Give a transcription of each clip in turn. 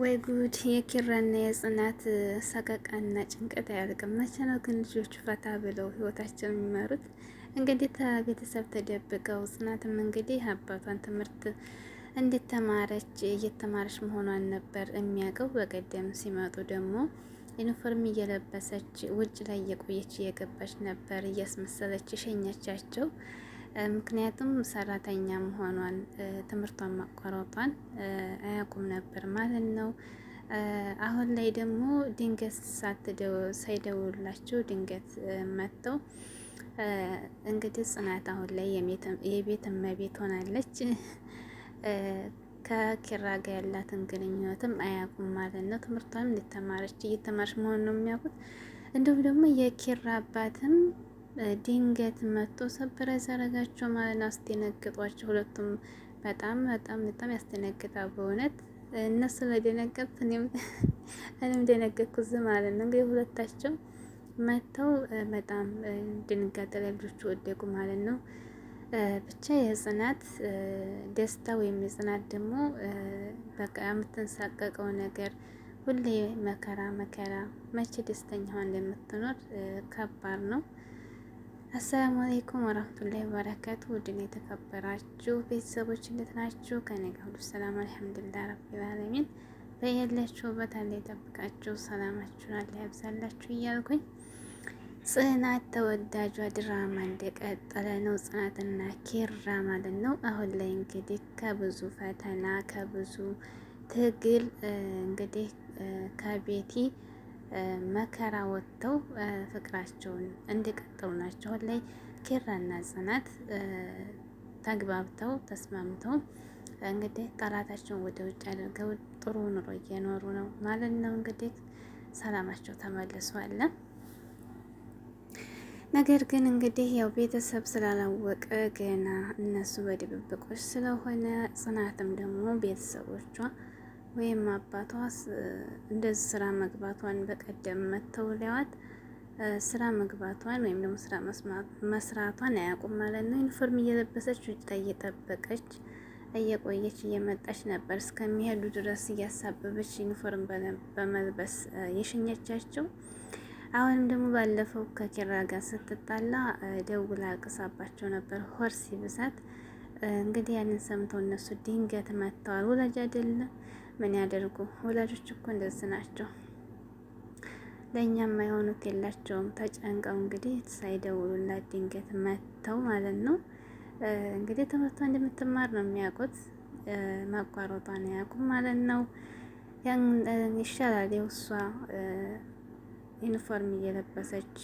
ወይ ጉድ! የኪራና የጽናት ሰቀቃና ጭንቀት አያልቅም። መቼ ነው ግን ልጆቹ ፈታ ብለው ህይወታቸውን የሚመሩት? እንግዲህ ከቤተሰብ ተደብቀው ጽናትም እንግዲህ አባቷን ትምህርት እንዴት ተማረች እየተማረች መሆኗን ነበር የሚያውቀው። በቀደም ሲመጡ ደግሞ ዩኒፎርም እየለበሰች ውጭ ላይ እየቆየች እየገባች ነበር እያስመሰለች ሸኛቻቸው። ምክንያቱም ሰራተኛ መሆኗን ትምህርቷን ማቋረጧን አያውቁም ነበር ማለት ነው። አሁን ላይ ደግሞ ድንገት ሳይደውላቸው ድንገት መጥተው እንግዲህ ጽናት አሁን ላይ የቤት እመቤት ሆናለች። ከኪራ ጋር ያላትን ግንኙነትም አያውቁም ማለት ነው። ትምህርቷን እንደተማረች እየተማረች መሆን ነው የሚያውቁት። እንዲሁም ደግሞ የኪራ አባትም ድንገት መጥቶ ሰፕራይዝ ዘረጋቸው ማለት አስደነግጧቸው። ሁለቱም በጣም በጣም በጣም ያስደነግጣል በእውነት እነሱ ለደነገጥ እኔም ደነገጥኩ ዝም ማለት ነው። እንግዲህ ሁለታቸው መጥተው በጣም ድንጋጠ ልጆቹ ወደቁ ማለት ነው። ብቻ የጽናት ደስታ ወይም የጽናት ደግሞ በቃ የምትንሳቀቀው ነገር ሁሌ መከራ መከራ፣ መቼ ደስተኛ ሆና እንደምትኖር ከባድ ነው። አሰላሙ አለይኩም ወራህመቱላሂ ወበረካቱ ውድን የተከበራችሁ ቤተሰቦች እንዴት ናችሁ? ከኔ ጋር ሁሉ ሰላም አልሐምዱሊላህ ረቢል ዓለሚን። በያላችሁበት አላህ ይጠብቃችሁ፣ ሰላማችሁን አላህ ያብዛላችሁ እያልኩኝ ጽናት ተወዳጇ ድራማ እንደቀጠለ ነው። ጽናትና ኪራ ማለት ነው። አሁን ላይ እንግዲህ ከብዙ ፈተና ከብዙ ትግል እንግዲህ ከቤቲ መከራ ወጥተው ፍቅራቸውን እንዲቀጥሉ ናቸው ላይ ኪራና ጽናት ተግባብተው ተስማምተው እንግዲህ ጠላታቸውን ወደ ውጭ አድርገው ጥሩ ኑሮ እየኖሩ ነው ማለት ነው። እንግዲህ ሰላማቸው ተመልሷል። ነገር ግን እንግዲህ ያው ቤተሰብ ስላላወቀ ገና እነሱ በድብብቆች ስለሆነ ጽናትም ደግሞ ቤተሰቦቿ ወይም አባቷስ እንደዚህ ስራ መግባቷን በቀደም መተው ሊያዋት ስራ መግባቷን ወይም ደግሞ ስራ መስራቷን አያውቁም ማለት ነው። ዩኒፎርም እየለበሰች ውጭ እየጠበቀች እየቆየች እየመጣች ነበር እስከሚሄዱ ድረስ እያሳበበች ዩኒፎርም በመልበስ የሸኘቻቸው። አሁንም ደግሞ ባለፈው ከኪራ ጋር ስትጣላ ደውላ አቅሳባቸው ነበር ሆርስ ይብሳት እንግዲህ ያንን ሰምተው እነሱ ድንገት መጥተዋል። ወላጅ አይደለም ምን ያደርጉ ወላጆች እኮ እንደዚህ ናቸው። ለእኛ የማይሆኑት የላቸውም። ተጨንቀው እንግዲህ ሳይደውሉላት ድንገት መጥተው ማለት ነው እንግዲህ ትምህርቷ እንደምትማር ነው የሚያውቁት። ማቋረጧን አያውቁም ማለት ነው። ይሻላል የውሷ ዩኒፎርም እየለበሰች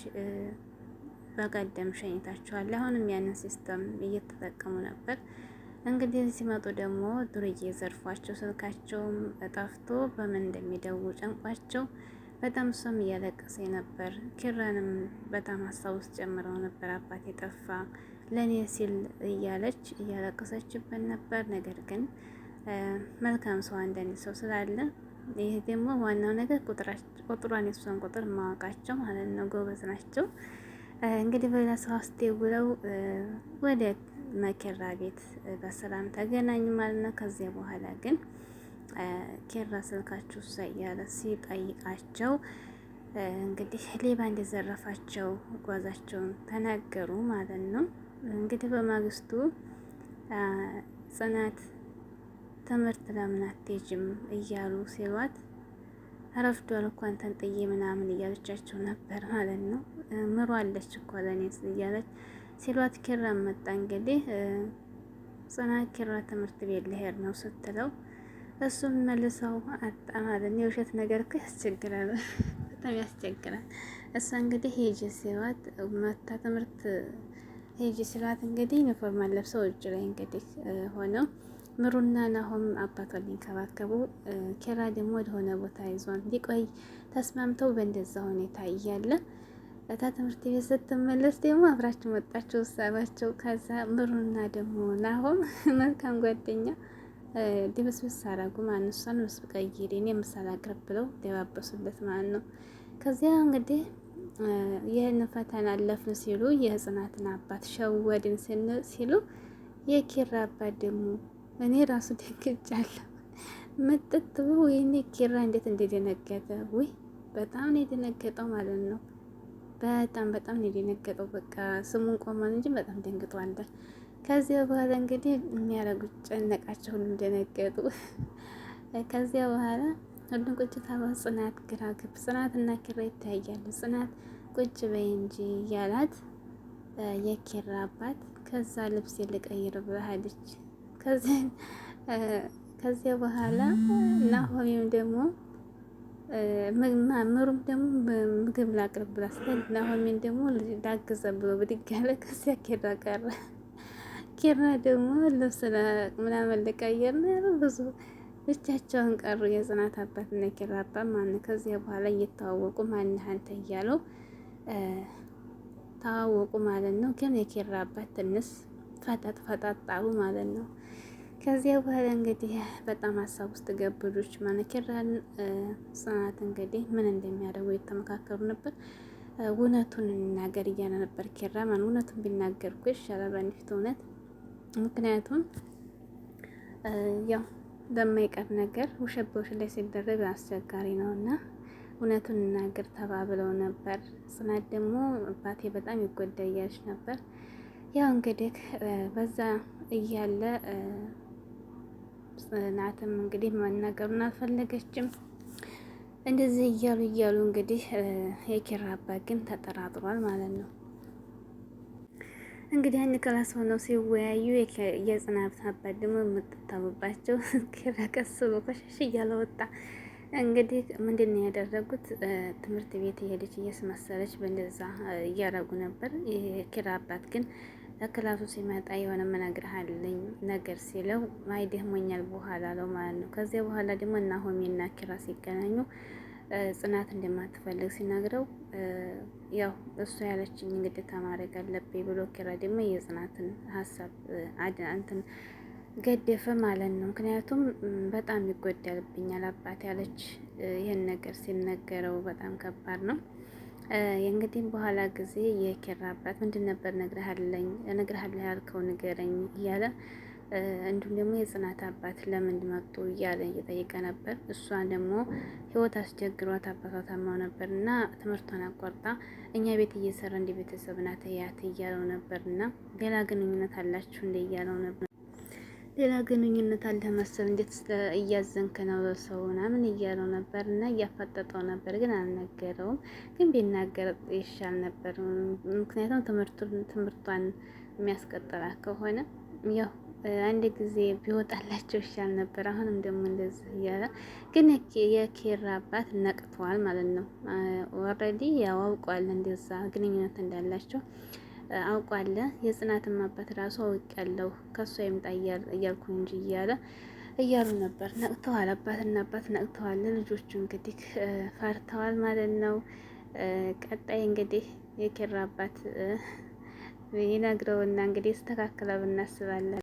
በቀደም ሸኝታቸዋል አሁንም ያንን ሲስተም እየተጠቀሙ ነበር። እንግዲህ ሲመጡ ደግሞ ዱርዬ ዘርፏቸው ስልካቸውም ጠፍቶ በምን እንደሚደውሉ ጨንቋቸው በጣም እሷም እያለቀሰ ነበር። ኪራንም በጣም ሀሳብ ውስጥ ጨምረው ነበር። አባቴ ጠፋ ለእኔ ሲል እያለች እያለቀሰችበት ነበር። ነገር ግን መልካም ሰው አንዳንድ ሰው ስላለ ይህ ደግሞ ዋናው ነገር ቁጥሯን የሷን ቁጥር ማወቃቸው ማለት ነው። ጎበዝ ናቸው። እንግዲህ በሌላ ሰው ውስጥ ደውለው ወደ መኬራ ቤት በሰላም ተገናኙ ማለት ነው። ከዚያ በኋላ ግን ኬራ ስልካችሁ እሷ እያለ ሲጠይቃቸው እንግዲህ ሌባ እንደዘረፋቸው ጓዛቸውን ተናገሩ ማለት ነው። እንግዲህ በማግስቱ ጽናት ትምህርት ለምን አትሄጂም እያሉ ሲሏት ረፍዷል እኮ አንተን ጥዬ ምናምን እያለቻቸው ነበር ማለት ነው። ምሯለች እኮ ለእኔ እያለች ሲሏት ኪራ መጣ። እንግዲህ ጽናት ኪራ ትምህርት ቤት ልሄድ ነው ስትለው እሱም መልሰው አጣ ማለት ነው። የውሸት ነገር እኮ ያስቸግራል፣ በጣም ያስቸግራል። እሷ እንግዲህ ሄጅ ሲሏት መታ ትምህርት ሄጅ ሲሏት እንግዲህ ዩኒፎርም ለብሰው ውጭ ላይ እንግዲህ ሆነው ምሩና ናሆም አባቷን ሊንከባከቡ ኪራ ደግሞ ወደሆነ ቦታ ይዟል ሊቆይ ተስማምተው በእንደዛ ሁኔታ እያለ እታ ትምህርት ቤት ስትመለስ ደግሞ አብራችሁ መጣችሁ ሳላቸው። ከዛ ምሩና ደግሞ ናሆም መልካም ጓደኛ ድብስብስ አረጉ ማለት እሷን ምስ ቀይር እኔ ምሳል ብለው ደባበሱለት ማለት ነው። ከዚያ እንግዲህ ይህን ፈተና አለፍን ሲሉ የህጽናትን አባት ሸወድን ሲሉ የኪራ አባት ደግሞ እኔ ራሱ ደግጃለሁ መጠጥ ወይኔ ኪራ እንዴት እንደደነገጠ ውይ፣ በጣም ነው የደነገጠው ማለት ነው። በጣም በጣም ነው የደነገጠው። በቃ ስሙን ቆማን እንጂ በጣም ደንግጧል። ከዚያ በኋላ እንግዲህ የሚያደርጉት ጨነቃቸው፣ ሁሉም ደነገጡ። ከዚያ በኋላ ሁሉም ቁጭ ታባ ጽናት ግራ ግብ ጽናትና ኪራ ይታያሉ። ጽናት ቁጭ በይ እንጂ እያላት የኪራ አባት ከዛ ልብስ ልቀይር ብላለች። ከዚያ በኋላ ናሆሚም ደግሞ መምሩም ደግሞ ምግብ ላቅርብ ብላ ስትል ናሆሜን ደግሞ ላግዘ ብሎ ብድግ አለ። ከዚያ ኬራ ቀረ። ኬራ ደግሞ ልብስ ምናምን ልቀይር ነው ብዙ ብቻቸውን ቀሩ። የጽናት አባት እና ኬራ አባት ማነው? ከዚያ በኋላ እየተዋወቁ ማን አንተ እያሉ ተዋወቁ ማለት ነው። ግን የኬራ አባት ትንሽ ፈጣጥ ፈጣጥ ጣሉ ማለት ነው። ከዚያ በኋላ እንግዲህ በጣም ሀሳብ ውስጥ ገቡ ልጆች ማለት ኪራን ጽናት እንግዲህ ምን እንደሚያደርጉ የተመካከሩ ነበር። እውነቱን እንናገር እያለ ነበር ኪራ ማን እውነቱን ቢናገር እኮ ይሻላል በእንዲት እውነት ምክንያቱም ያው ለማይቀር ነገር ውሸት በውሸት ላይ ሲደረግ አስቸጋሪ ነው እና እውነቱን እናገር ተባብለው ነበር። ጽናት ደግሞ አባቴ በጣም ይጎዳ እያለች ነበር። ያው እንግዲህ በዛ እያለ ጽናትም እንግዲህ መናገሩን አልፈለገችም። እንደዚህ እያሉ እያሉ እንግዲህ የኪራ አባት ግን ተጠራጥሯል ማለት ነው። እንግዲህ አንድ ክላስ ሆነው ሲወያዩ የጽናት አባት ደግሞ የምትታሙባቸው ኪራ ቀስ ብሎ ኮሸሽ እያለ ወጣ። እንግዲህ ምንድን ነው ያደረጉት? ትምህርት ቤት የሄደች እያስመሰለች በእንደዛ እያረጉ ነበር። የኪራ አባት ግን ከክላሱ ሲመጣ የሆነ መናግርህ አለኝ ነገር ሲለው አይ ደህሞኛል በኋላ አለው ማለት ነው። ከዚያ በኋላ ደግሞ እና ናሆሜና ኪራ ሲገናኙ ጽናት እንደማትፈልግ ሲነግረው ያው እሱ ያለችኝ እንግዲህ ተማረግ አለብኝ ብሎ ኪራ ደግሞ የጽናትን ሀሳብ አድናንትን ገደፈ ማለት ነው። ምክንያቱም በጣም ይጎዳልብኛል አባት ያለች ይህን ነገር ሲነገረው በጣም ከባድ ነው። እንግዲህ በኋላ ጊዜ የኪራ አባት ምንድን ነበር እነግርሃለኝ ነግረሃለ ያልከው ንገረኝ እያለ እንዲሁም ደግሞ የጽናት አባት ለምን መጡ እያለ እየጠየቀ ነበር። እሷ ደግሞ ህይወት አስቸግሯት አባቷ ታማው ነበር እና ትምህርቷን አቋርጣ እኛ ቤት እየሰራ እንደ ቤተሰብ ናት እያለው ነበር እና ሌላ ግንኙነት አላችሁ እንደ እያለው ነበር ሌላ ግንኙነት አለ መሰል እንዴት እያዘንክ ነው ሰው ምናምን እያለው ነበር እና እያፋጠጠው ነበር፣ ግን አልነገረውም። ግን ቢናገር ይሻል ነበር። ምክንያቱም ትምህርቷን የሚያስቀጥላት ከሆነ ያው አንድ ጊዜ ቢወጣላቸው ይሻል ነበር። አሁንም ደግሞ እንደዚህ እያለ ግን የኬራ አባት ነቅተዋል ማለት ነው። ኦልሬዲ ያው አውቋል እንደዛ ግንኙነት እንዳላቸው አውቋለ የጽናትም አባት ራሱ አውቅ ያለው ከሷ ይምጣ እያልኩ እንጂ እያለ እያሉ ነበር። ነቅተዋል። አባትና አባት ነቅተዋል። ልጆቹ እንግዲህ ፈርተዋል ማለት ነው። ቀጣይ እንግዲህ የኪራ አባት ይነግረውና እንግዲህ ስተካክለው እናስባለን።